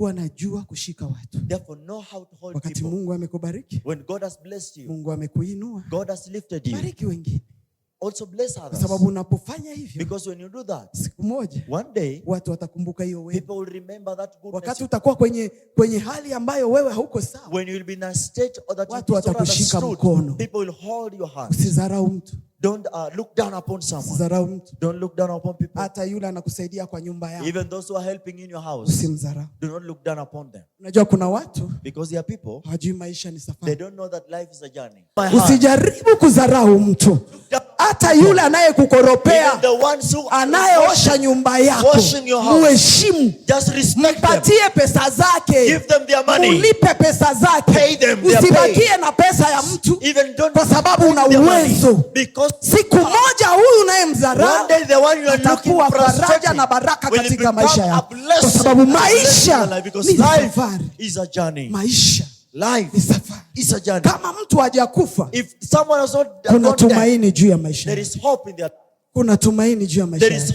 kuwa najua kushika watu. Wakati Mungu amekubariki, Mungu amekuinuabariki wengine also bless others. Sababu unapofanya hivyo, because when you do that, siku moja, one day, watu watakumbuka hiyo wewe. People will remember that goodness. Wakati utakuwa kwenye kwenye hali ambayo wewe hauko sawa, when you will be in a state or that watu watakushika mkono, people will hold your hand. Usidharau mtu. Don't uh, look down upon someone. Usidharau mtu. Don't look down upon people. Hata yule anakusaidia kwa nyumba yako. Even those who are helping in your house. Usimdharau. Do not look down upon them. Unajua kuna watu because there are people hawajui maisha ni safari. They don't know that life is a journey. Usijaribu kudharau mtu hata yule anayekukoropea, anayeosha nyumba yako, muheshimu, mpatie pesa zake, ulipe pesa zake, usibakie na pesa ya mtu, kwa sababu una uwezo. Siku moja huyu unayemdharau mzaraatakuwa faraja na baraka katika maisha yako, kwa sababu maisha ni safari, maisha ni safari. Kama mtu hajakufa kuna tumaini juu ya maisha. kuna tumaini juu ya maisha.